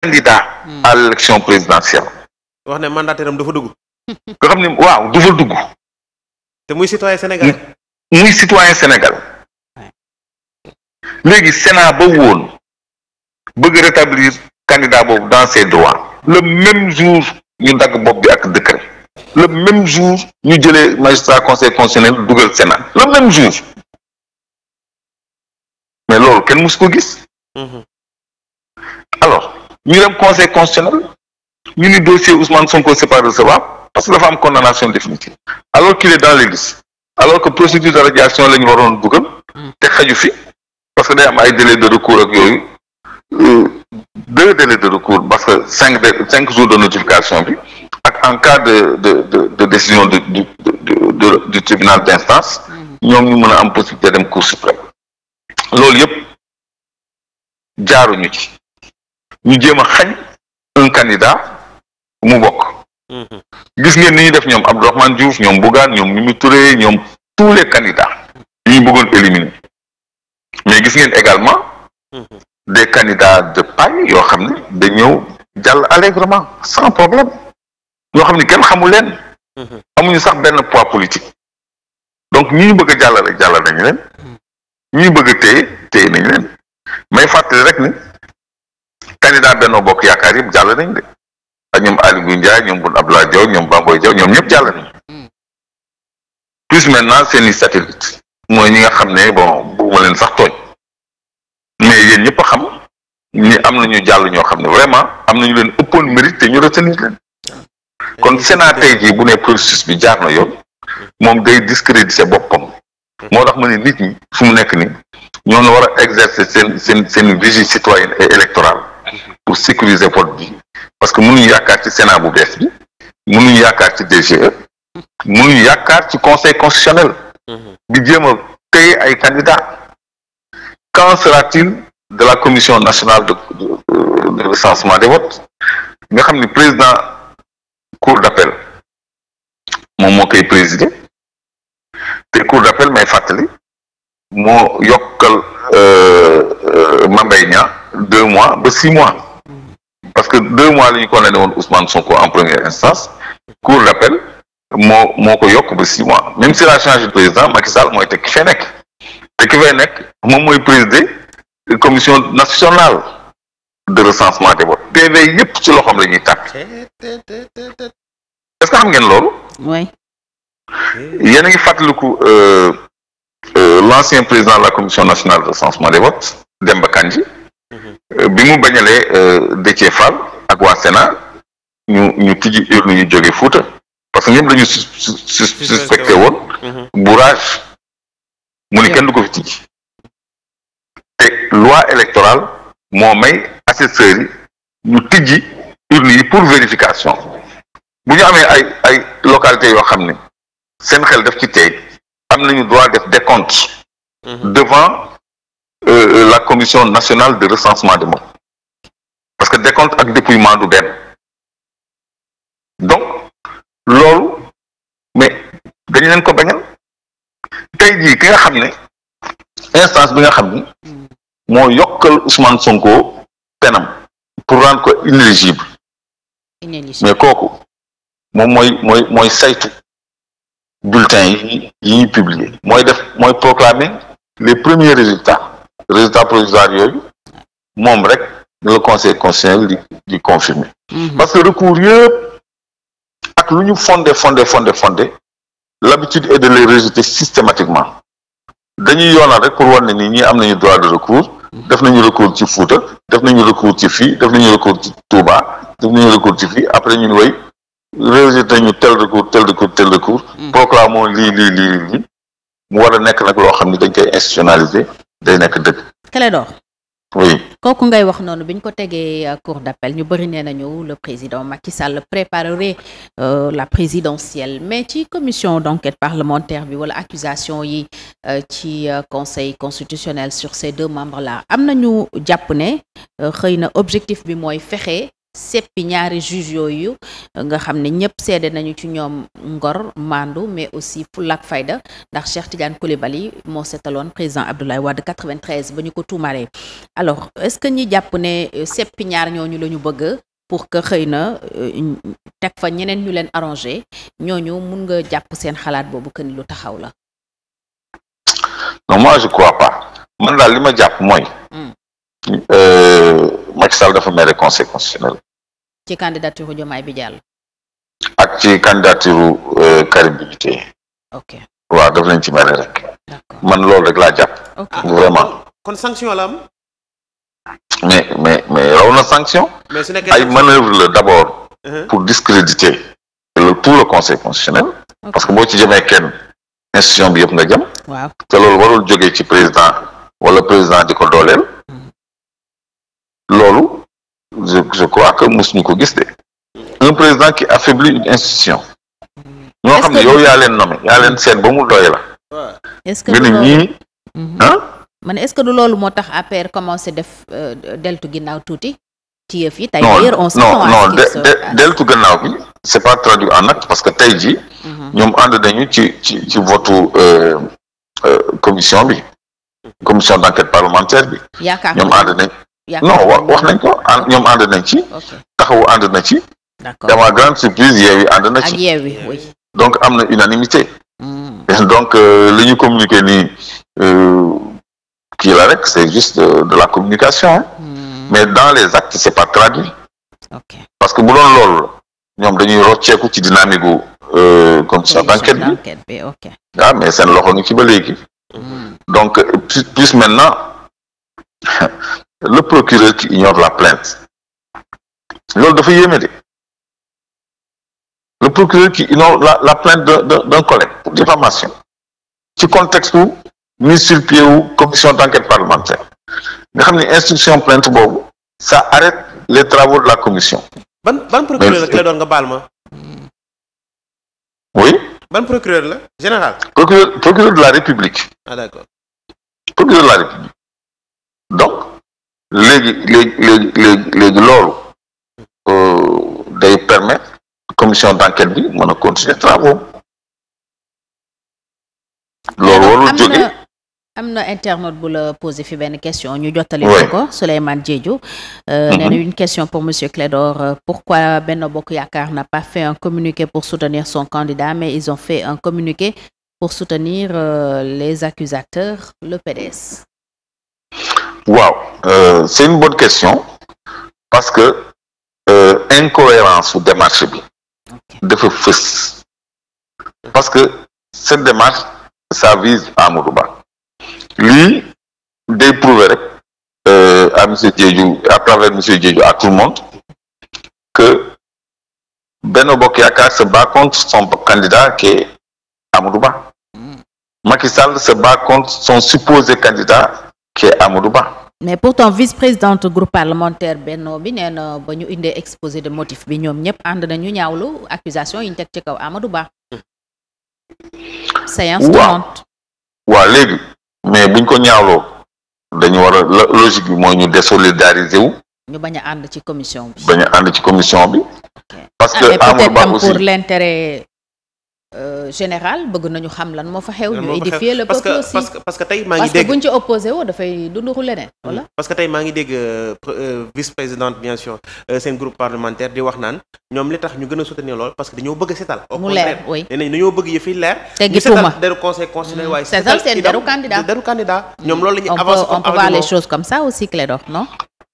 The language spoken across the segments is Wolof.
candidat hmm. à l' présidentielle. wax ne mandataire am dafa dugg. nga xam ne waaw dafa dugg. te muy citoyen Sénégal. muy citoyen Sénégal. léegi Sénat ba woon bëgg rétablir candidat boobu dans ses droits. le même jour ñu dagg bopp bi ak décret. le même jour ñu jëlee magistrat conseil constitutionnel dugal Sénat le même jour mais loolu kenn mësu ko gis. Mhm. ñu dem conseil constitutionnel ñu ni dossier Ousmane Sonko c'est pas recevable parce que dafa am condamnation définitive alors qu'il est dans l'église alors que procédure de radiation la ñu waroon dugal hmm. te xaju fi parce que day am ay délai de recours ak yooyu euh, deux délais de recours parce que cinq de cinq jours de notification bi ak en cas de de de de décision du du du tribunal d'instance hmm. ñoom ñu mën a am possibilité dem cour suprême loolu yëpp jaaruñu ci ñu jéem a xañ un candidat mu bokk. Mhm. gis ngeen ni ñu def ñoom Abdourahmane Diouf ñoom Bougane ñoom Mimi Touré ñoom tous les candidats yu ñu bëggoon éliminer mais gis ngeen également mhm. des candidats de paille yoo xam ne da ñëw jàll allègrement sans problème yoo xam ne kenn xamul leen. Mhm. amuñu sax benn poids politique donc ñi ñu bëgg a jàllale jàllal nañu leen ñi ñu bëgg a téye nañu leen may fàttali rek ni. candidat Benno Bokk Yaakaar yëpp jàll nañ de ak ñoom Aly Ngouille Ndiaye ñoom Boun Abdallah Diaw ñoom Bamboy Diaw ñoom ñëpp jàll nañ hmm. plus maintenant seen i satellite mooy ñi nga xam ne bon bugguma leen sax tooñ mais yéen ñëpp a xam ñi am nañu jàll ñoo xam ne vraiment am nañu leen ëppoon mérite te ñu retenir leen hmm. kon Sénat tey jii bu ne processus bi jaar na yoon moom day discrédité boppam hmm. moo tax ma ne nit ñi fu mu nekk nii ñoo war a exercer seen seen seen vigie citoyenne pour sécuriser vote bi parce que mënuñu yaakaar ci Sénat bu bees bi mënuñu yaakaar ci DGE mënuñu yaakaar ci conseil constitutionnel bi jéem a ay candidats qu'en sera t de la commission nationale de de recensement des votes nga xam ni président cour d'appel moom moo koy présider te cour d'appel may fàttali moo yokkal euh, euh, Mame Mbaye Niang deux mois ba six mois parce que deux mois la ñu condamné woon Ousmane Sonko en première instance cour d'appel moo moo ko yokk ba six mois même si la change de président Macky Sall mooy tekki fee nekk tekki fee nekk moom mooy présider commission nationale de recensement des votes PV yépp ci loxoom la ñuy tàkk est-ce que xam ngeen loolu. oui. yéen a ngi fàttaliku euh, euh, l'ancien président de la commission nationale de recensement des votes Demba Kandji bi mu bañalee euh, Déthié Fall ak waa Sénat ñu ñu tijji urne ñu jóge Fuuta parce que ñëpp dañu suspecté woon mhm. bourrage mu ni kenn du ko fi tijji te loi électorale moo may assesseurs yi ñu tijji urne yi pour vérification bu ñu amee ay ay localité yoo xam ne seen xel def ci tey am nañu droit def décompte mhm. devant Euh, euh, la commission nationale de recensement des morts parce que décompte ak dépouillement du benn donc loolu mais dañu leen ko bañal tey jii ki nga xam ne instance bi nga xam ne moo yokkal Ousmane Sonko penam pour rendre ko inéligible mais kooku moom mooy mooy mooy saytu bulletin yi yi ñuy publier mooy def mooy proclamer les premiers résultats résultat provisoire yooyu moom rek le conseil constitutionnel di di confirmer mhm. parce que recours yëpp ak lu ñu fonde fondé fondé fondé l'habitude est de les rejeter systématiquement dañuy yoonal rek pour wan ne nii ñi am nañu droit de recours mhm. def nañu recours ci Fouta def nañu recours ci fii def nañu recours ci Touba def nañu recours ci fii après ñun woy rejeté nañu tel recours tel recours tel recours mhm. proclamons lii lii lii mu war a nekk nag loo xam ne dañ koy institutionnaliser day nekk dëgg. Clédor. oui kooku ngay wax noonu bi ko tegee euh, cour d'appel ñu bëri nee nañu le président Macky Sall préparerait euh, la présidentielle mais ci commission d'enquête parlementaire bi wala accusation yi euh, ci euh, conseil constitutionnel sur ces deux membres là am nañu jàpp ne xëy na objectif bi mooy fexe seppi ñaari juge yooyu nga xam ne ñëpp seede nañu ci ñoom ngor mandu mais aussi fulak fayda ndax Cheikh Tidiane Coulibaly moo setaloon président Abdoulaye Wade 93 ba ñu ko tuumalee alors est-ce que ñi jàpp ne euh, seppi ñaar ñooñu la ñu bëgg pour que xëy na euh, teg fa ñeneen ñu leen arrangé ñooñu mun nga jàpp seen xalaat boobu que ni lu taxaw la. non moi je crois pas man daal li jàpp mooy. Hmm. Euh, Macky Sall dafa mere conseil constitutionnel. ci candidature Diomaye bi jàll. ak ci candidature euh, Karim bi tey. ok waaw daf leen ci mere rek. man loolu rek laa jàpp. Ah. vraiment. kon sanction la am. mais mais mais raw na sanction. mais su nekkee ay manœuvre la d' abord. Uh-huh. pour discréditer. le tout le conseil constitutionnel. parce que boo ci jëmee kenn institution bi yëpp nga jëm. waaw te loolu warul jógee ci président wala président di ko dooleel. loolu je je crois que mosuñu ko gis de un président qui affaiblit une institution. ñoo xam ne yow yaa leen nommé yaa leen seet ba mu doy la. est-ce que du ñii ah. man est-ce que du loolu moo tax APR commencé def euh, deltu ginnaaw tuuti. ci yëf yi tey on s'attend non non deltu gannaaw bi c'est pas traduit en acte parce que tey jii. Mhm. ñoom ànd nañu ci ci ci votu euh, euh, commission bi. commission d'enquête parlementaire bi. yaakaar ñoom ànd nañ non wax wax nañ ko ñoom ànd nañ ci. taxawu ànd na ci. d'accord dama grande surprise yeewi ànd na ci. ak yeewi oui. donc am na unanimité. Hmm. donc euh, li ñu communiqué ni euh, kii la rek c'est juste de la communication. Hmm. mais dans les actes c'est pas traduit. parce que bu doon loolu ñoom dañuy rocceeku ci dynamique gu euh, comme ça banquette bi ah mais seen loxo ngi ci ba léegi. Hmm. donc plus maintenant. le procureur qui ignore la plainte loolu dafa yéeme de le procureur qui ignore la la plainte d'un d'un collègue pour diffamation ci contexte wu mise wu commission d'enquête parlementaire nga xam ne instruction plainte boobu ça arrête les travaux de la commission. ban ban procureur la doon procureur la général. procureur de la république. Ah, procureur de la république donc. léegi léegi léegi léegi léegi loolu euh, day permettre commission d'enquête bi mën a continuer travaux loolu warul jóge am na internaute bu la posé fi benn question ñu jottali ko ko Souleymane Diédhiou euh, mm-hmm. nee na une question pour monsieur Clédor euh, pourquoi Benno Bokk Yaakaar n'a pas fait un communiqué pour soutenir son candidat mais ils ont fait un communiqué pour soutenir euh, les accusateurs le PDS waaw euh, c'est une bonne question parce que euh, incohérence su démarche bi dafa parce que cette démarche ça vise Amadou Ba lui day rek euh, à monsieur Diédhiou à travers monsieur Diédhiou à tout le monde que Benno Bokk Yaakaar se bat contre son candidat qui est Amadou Ba hmm. Macky Sall se bat contre son supposé candidat ci Amadou Ba. mais pourtant vice-présidente groupe parlementaire Benno bi nee na ba ñu indee exposé de motif bi ñoom ñëpp ànd nañu ñaawlu accusation yi ñu teg ci kaw Amadou Ba. séance tenante waaw léegi mais buñ ko ñaawloo dañu war a logique bi mooy ñu désolidariser ñu bañ a ànd ci commission bi. bañ ànd ci commission bi. parce ah, que Amadou Ba pour l'intérêt Euh, général bëgg nañu xam lan moo fa xew. ñu édifier le peuple aussi parce que parce que tey parce que buñ ci opposé woo dafay dunduru leneen. Mm-hmm. voilà parce que tey maa ngi dégg euh, euh, vice présidente bien sûr euh, seen groupe di wax naan ñoom li tax ñu gën a soutenir lool parce que dañoo bëgg a setal. mu leer oui nee nañ bëgg yëf yi leer. teggi tuuma ñu conseil constitutionnel mm-hmm. waaye. setal seen deru candidat ñoom loolu la ñuy comme ça aussi Clédor non.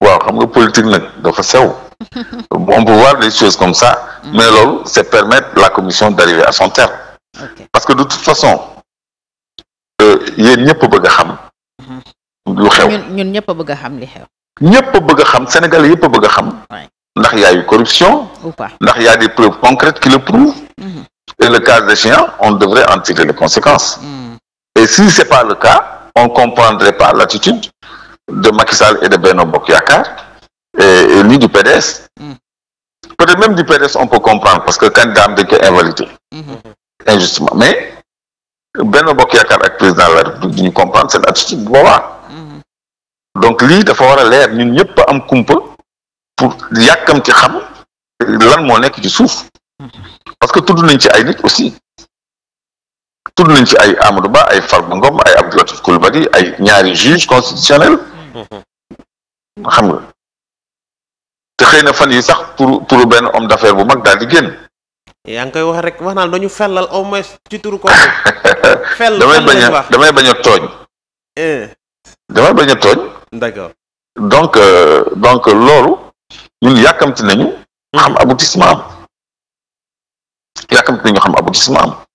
waaw xam nga politique nag dafa sew on peut voir des choses comme ça mm. mais loolu c'est permettre la commission d'arriver à son terme parce que de toute façon euh, yéen ñëpp a bëgg a xam mm-hmm. lu xew ñun ñëpp bëgg a xam li xew bëgg xam Sénégal yëpp a bëgg a xam ndax y a eu corruption ndax y a des preuves concrètes qui le prouvent mm-hmm. et le cas échéant on devrait en tirer les conséquences mm. et si c'est pas le cas on comprendrait pas l'attitude de Macky et de Benno Bokk Yakaar et, et ni du PDS mm. même du PDS on peut comprendre parce que candidat am dañ koy invalidé mm-hmm. injustement mais Benno Bokk Yakaar ak président de la République duñu comprendre seen attitude bu mm-hmm. donc lii dafa war a leer ñu ñëpp am kumpa pour yàkkam ci xam lan moo nekk ci suuf mm-hmm. parce que tudd nañ ci ay nit aussi tudd nañ ci ay Amadou Ba ay Farba Ngom ay Abdou Latif Coulibaly ay ñaari juge constitutionnel xam nga te xëy na fan yi sax turu turu benn homme d'affaires bu mag daal di génn. yaa ngi koy wax rek wax naa dañu fellal au moins ci turu ko fell damay bañ a damay bañ a tooñ. Eh. damay bañ a tooñ. donc loolu euh, loolu ñun yàkkamti nañu xam hmm. aboutissement am yàkkamti nañu xam aboutissement am.